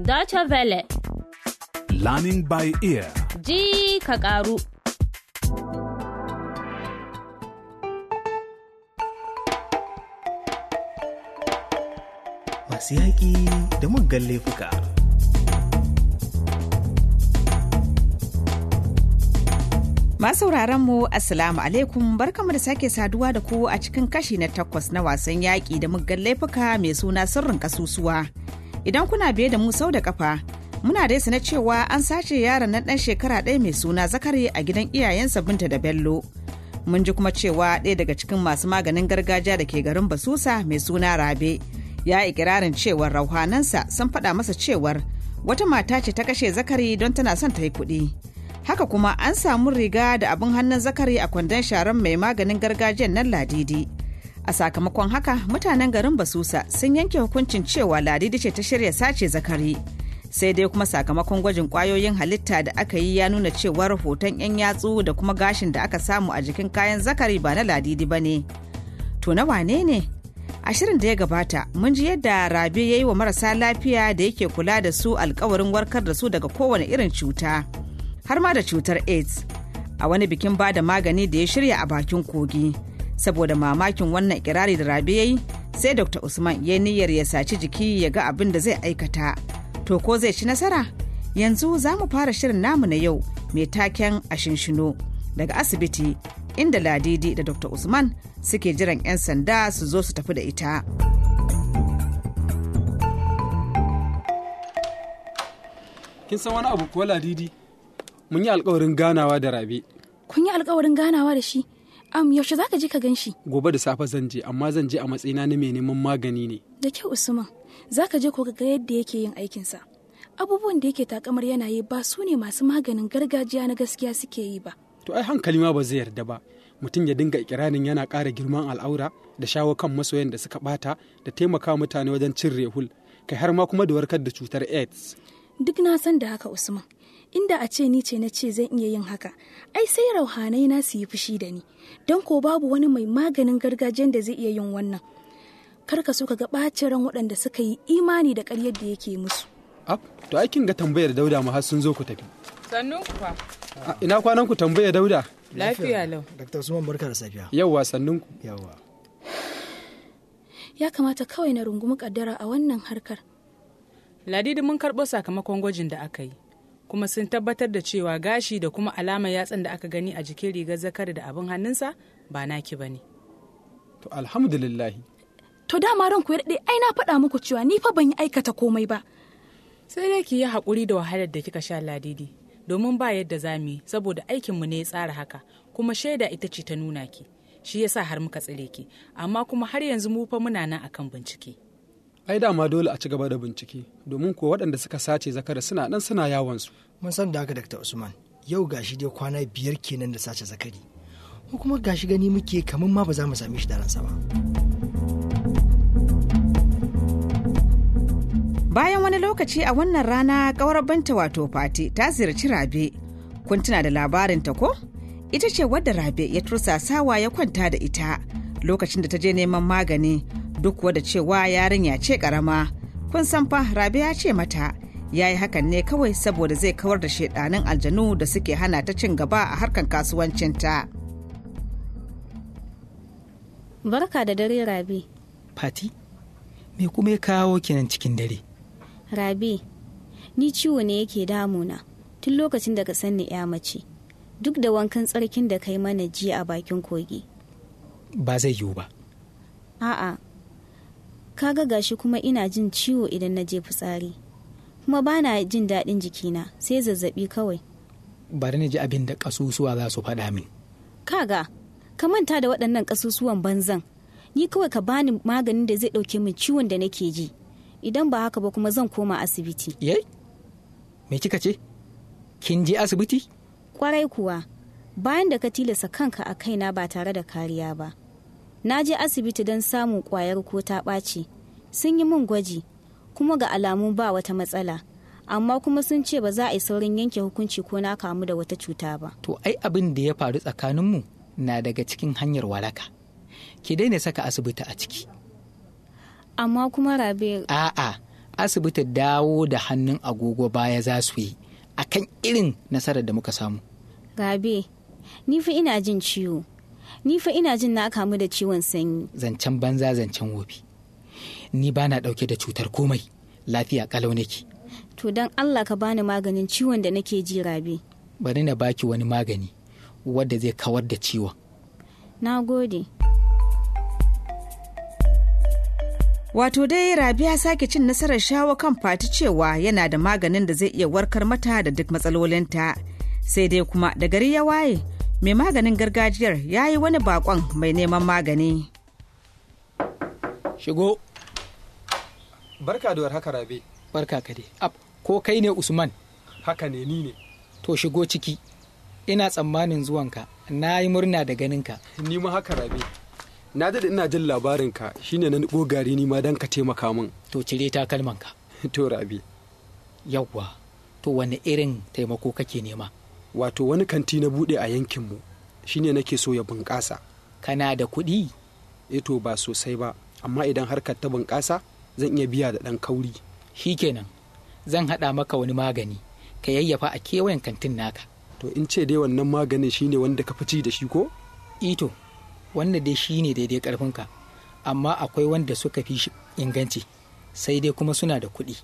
Deutsche Welle. Learning by ear. Ji ka karu. Masu yaƙi da muggan laifuka. Masu mu Assalamu alaikum barkamu da sake saduwa da ku a cikin kashi na takwas na wasan yaƙi da muggan laifuka mai suna sirrin kasusuwa idan kuna biye da mu sau da kafa muna da na cewa an sace yaron nan dan shekara ɗaya mai suna zakari a gidan iyayensa binta da bello mun ji kuma cewa ɗaya daga cikin masu maganin gargajiya da ke garin basusa mai suna rabe ya ikirarin cewar rauhanansa sun faɗa masa cewar wata mata ce ta kashe zakari don tana son ta yi kuɗi haka kuma an samu riga da abin hannun zakari a kwandon sharan mai maganin gargajiyan nan ladidi a sakamakon haka mutanen garin basusa sun yanke hukuncin cewa ladidi ce ta shirya sace zakari sai dai kuma sakamakon gwajin kwayoyin halitta da aka yi ya nuna cewa hoton 'yan yatsu da kuma gashin da aka samu a jikin kayan zakari ba na ladidi ba ne to na wane ne a shirin da ya gabata mun ji yadda rabe ya yi wa marasa lafiya da yake kula da su alkawarin warkar da su daga kowane irin cuta har ma da cutar aids a wani bikin ba da magani da ya shirya a bakin kogi saboda mamakin wannan kirari da rabe ya yi sai dr usman ya niyyar ya saci jiki ya ga abin da zai aikata to ko zai ci nasara yanzu za mu fara shirin namu na yau mai taken a shinshino daga asibiti inda ladidi da dr usman suke jiran 'yan sanda su zo su tafi da ita kin san wani abu ko ladidi mun yi alkawarin ganawa da rabe kun yi alkawarin ganawa da shi Am yaushe za ka je ka gan shi? Gobe da safe zan je, amma zan je a matsayina na mai neman magani ne. Da kyau Usman, za ka je ko ga yadda yake yin aikinsa. Abubuwan da yake takamar yana yi ba su ne masu maganin gargajiya na gaskiya suke yi ba. To ai hankali ma ba zai yarda ba. Mutum ya dinga ikirarin yana ƙara girman al'aura da shawo kan masoyan da suka ɓata da taimaka mutane wajen cin rehul, kai har ma kuma da warkar da cutar AIDS. Duk na san da haka Usman. inda a ce ni ce na ce zan iya yin haka ai sai rauhanai na su yi fushi da ni don ko babu wani mai maganin gargajiyan da zai iya yin wannan karka so ka ga ɓacin ran waɗanda suka yi imani da ƙaryar da yake musu ab to ai kin ga tambayar dauda ma har sun zo ku tafi sannu kuwa ina kwanan ku tambaya dauda lafiya lau dr suman barka da safiya yawwa sannun ku yawwa ya kamata kawai na rungumi kaddara a wannan harkar ladidi mun karɓo sakamakon gwajin da aka yi kuma sun tabbatar da cewa gashi da kuma alamar yatsan da aka gani a jikin rigar zakari da abin hannunsa ba naki ba ne. To alhamdulillah. To dama ranku ya daɗe ai na faɗa muku cewa ni fa ban yi aikata komai ba. Sai dai ki yi haƙuri da wahalar da kika sha ladidi domin ba yadda za mu yi saboda aikinmu ne ya tsara haka kuma shaida ita ce ta nuna ki. Shi yasa har muka tsire ki amma kuma har yanzu mu fa muna nan akan bincike. ai dama dole a ci gaba da bincike domin kuwa waɗanda suka sace zakara suna nan suna yawon su mun san da haka Dr. Usman yau gashi dai kwana biyar kenan da sace zakari ko kuma gashi gani muke kamar ma ba za mu same shi da ransa ba bayan wani lokaci a wannan rana kawar banta wato fati ta ziyarci rabe kun tuna da ta ko ita ce wadda rabe ya tursasawa ya kwanta da ita lokacin da ta je neman magani duk wada cewa yarinya ce karama kun san fa rabi ya ce mata ya yi hakan ne kawai saboda zai kawar da shaidanin aljanu da suke hana ta cin gaba a harkar kasuwancinta barka da dare rabi fati me kuma ya kawo kinan cikin dare rabi ni ciwo ne yake damuna tun lokacin da ka sanni ya mace duk da wankan tsarkin da kai mana ji a bakin kogi ba zai yiwu ba a'a Ka ga gashi kuma ina jin ciwo idan na je fitsari kuma ba na jin daɗin jikina sai zazzaɓi kawai bari na ji abin da ƙasusuwa za su faɗa min kaga ka manta da waɗannan ƙasusuwan banzan ni kawai ka bani maganin da zai ɗauke min ciwon da nake ji idan ba haka ba kuma zan koma asibiti ye me kika ce kin je asibiti kwarai kuwa bayan da ka tilasta kanka a kaina ba tare da kariya ba na je asibiti don samun kwayar ko ta ɓaci sun yi min gwaji kuma ga alamu ba wata matsala amma kuma sun ce ba za a yi saurin yanke hukunci ko na kamu da wata cuta ba to ai abin da ya faru tsakaninmu na daga cikin hanyar waraka ki daina saka asibiti a ciki amma kuma rabe a'a asibiti dawo da hannun agogo baya za su yi akan irin nasarar da muka samu rabe ni fa ina jin ciwo ni fa ina jin na kamu da ciwon sanyi zancen banza zancen wofi ni ba na ɗauke da cutar komai lafiya kalau nake to dan allah ka bani maganin ciwon da nake ji rabi bari na baki wani magani wadda zai kawar da ciwon na gode Wato dai Rabi ya sake cin nasarar shawo kan fati cewa yana da maganin da zai iya warkar mata da duk matsalolinta. Sai dai kuma da gari ya waye, mai maganin gargajiyar ya yi wani bakon mai neman magani shigo barka da haka rabe barka ka dai ko kai ne usman haka ne ni ne to shigo ciki ina tsammanin zuwanka na yi murna da ganinka ni ma haka rabe na daɗe ina jin labarinka shine na gogari ni ma don ka taimaka min to cire kalmanka. to rabe yawwa to wani irin taimako kake nema wato wani kanti na bude a yankinmu shine nake so ya bunƙasa kana da kuɗi eto eh ba sosai ba amma idan harkar ta bunƙasa zan iya biya da ɗan kauri shikenan zan haɗa maka wani magani ka yayyafa a kewayen kantin naka to in ce dai wannan maganin shine wanda ka fici da shi ko ito eh wanda dai ne daidai karfinka amma akwai wanda suka fi inganci sai dai kuma suna da kuɗi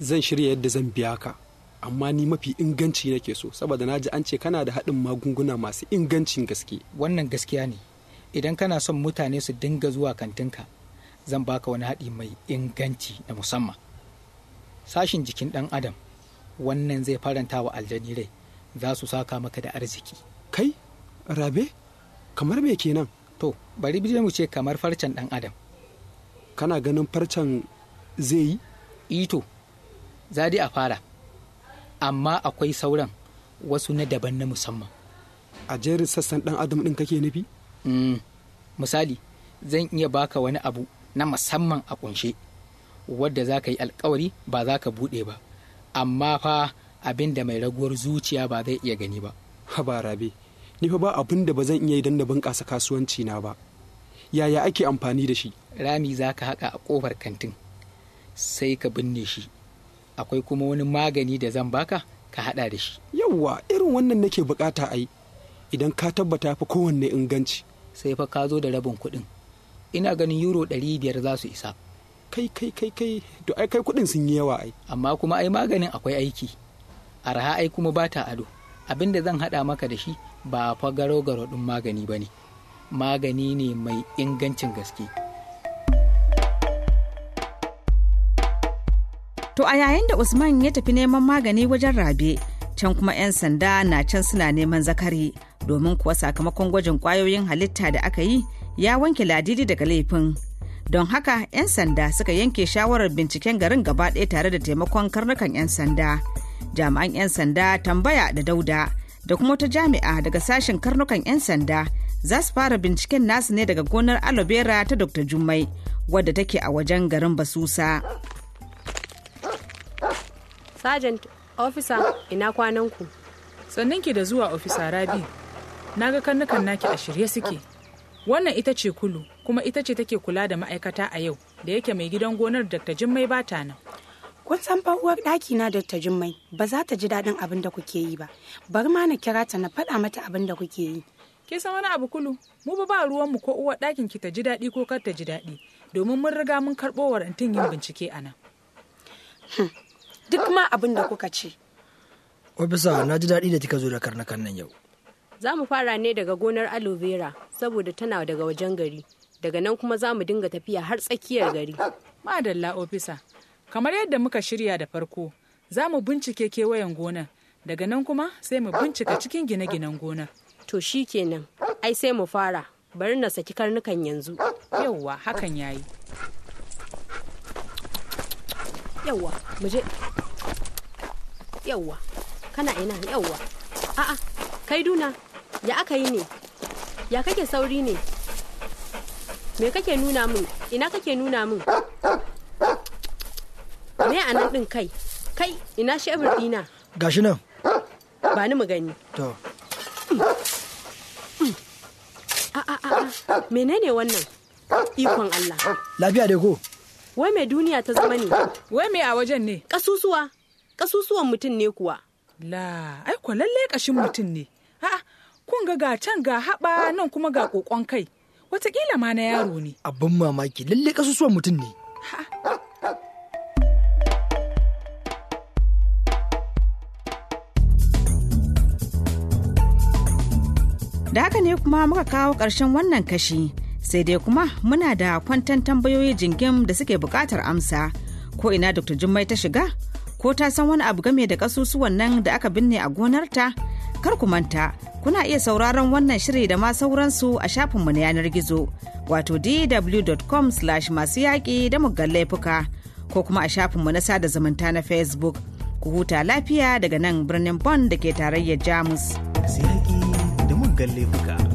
zan shirya yadda zan biya ka amma ni mafi inganci nake so saboda na ji an ce kana da haɗin magunguna masu ingancin gaske wannan gaskiya ne idan kana son mutane su dinga zuwa kantinka zan baka wani haɗi mai inganci na musamman sashin jikin ɗan adam wannan zai faranta wa aljani rai za su saka maka da arziki kai rabe kamar me kenan to bari bije mu ce kamar farcen ɗan adam kana ganin farcen zai yi ito zadi a fara amma akwai sauran wasu na daban na musamman a jerin sassan dan adam ɗin kake nufi mm, misali zan iya baka wani abu na musamman a kunshe wadda za ka yi alkawari ba za ka buɗe ba amma fa abin da mai raguwar zuciya ba zai iya gani ba haba rabe ni fa ba abin da ba zan iya idan da bunƙasa kasuwanci na ba yaya ake amfani da shi rami za ka haƙa a ƙofar kantin sai ka binne shi akwai kuma wani magani da zan baka ka hada da shi yawwa irin wannan nake bukata ai idan ka tabbata fa kowanne inganci sai fa ka zo da rabin kuɗin ina ganin euro ɗari biyar za su isa kai kai kai kai to ai kai kuɗin sun yi yawa ai amma kuma ai maganin akwai aiki arha ai kuma ba ta ado abin da zan haɗa maka da shi ba fa garo garo ɗin magani ba ne magani ne mai ingancin gaske To a yayin da Usman ya tafi neman magani wajen rabe, can kuma 'yan sanda na can suna neman zakari domin kuwa sakamakon gwajin kwayoyin halitta da aka yi ya wanke ladidi daga laifin. Don haka 'yan sanda suka yanke shawarar binciken garin gaba ɗaya tare da taimakon karnukan 'yan sanda. Jami'an 'yan sanda tambaya da dauda da kuma wata jami'a daga sashen karnukan 'yan sanda za su fara binciken nasu ne daga gonar alobera ta Dr. Jummai wadda take a wajen garin Basusa. Sergeant, officer, ina kwananku. Sannan ki da zuwa ofisa Rabi. Na ga karnukan naki a shirye suke. Wannan ita ce kulu, kuma ita ce take kula da ma'aikata a yau, da yake mai gidan gonar Dr. Jummai bata nan. Kun san fa uwar ɗaki na Dr. Jimmai, ba za ta ji daɗin abin da kuke yi ba. Bar ma na kira ta na faɗa mata abin da kuke yi. Ke san wani abu kulu, mu ba ba ruwanmu ko uwar ɗakin ki ta ji daɗi ko kar ta ji daɗi, domin mun riga mun karɓo warantin yin bincike a nan. Hm. duk ma abin da kuka ce ofisa na ji daɗi da kika zo da karnakan nan yau za mu fara ne daga gonar aloe vera saboda tana daga wajen gari daga nan kuma za mu dinga tafiya har tsakiyar gari madalla ofisa kamar yadda muka shirya da farko za mu bincike kewayen gonar daga nan kuma sai mu bincika cikin gine-ginen gonar to shi kenan ai sai mu fara bari na saki karnukan yanzu yauwa hakan yayi yauwa mu je yawwa kana ina yawwa a'a kai duna ya aka yi ne ya kake sauri ne me kake nuna min ina kake nuna min me a nan din kai kai ina shebur dina gashi nan ba ni mu gani to a a menene wannan ikon Allah lafiya dai ko wai mai duniya ta zama ne wai mai a wajen ne kasusuwa kasusuwan mutum ne kuwa la ai ko lalle kashin mutum ne ha kun ga can ga haɓa nan kuma ga ƙoƙon kai Wataƙila ma na yaro ne abin mamaki lalle kasusuwan mutum ne da haka ne kuma muka kawo ƙarshen wannan kashi sai dai kuma muna da kwantan tambayoyi jingim da suke buƙatar amsa ko ina dr jummai ta shiga ko ta san wani abu game da kasusuwan nan da aka binne a gonarta kar ku manta kuna iya sauraron wannan shiri da ma sauransu a shafinmu na yanar gizo wato dw.com masu yaƙi da muggan laifuka ko kuma a shafinmu na sada zumunta na facebook ku huta lafiya daga nan birnin Bon da ke tarayyar jamus. yaƙi da muggan laifuka.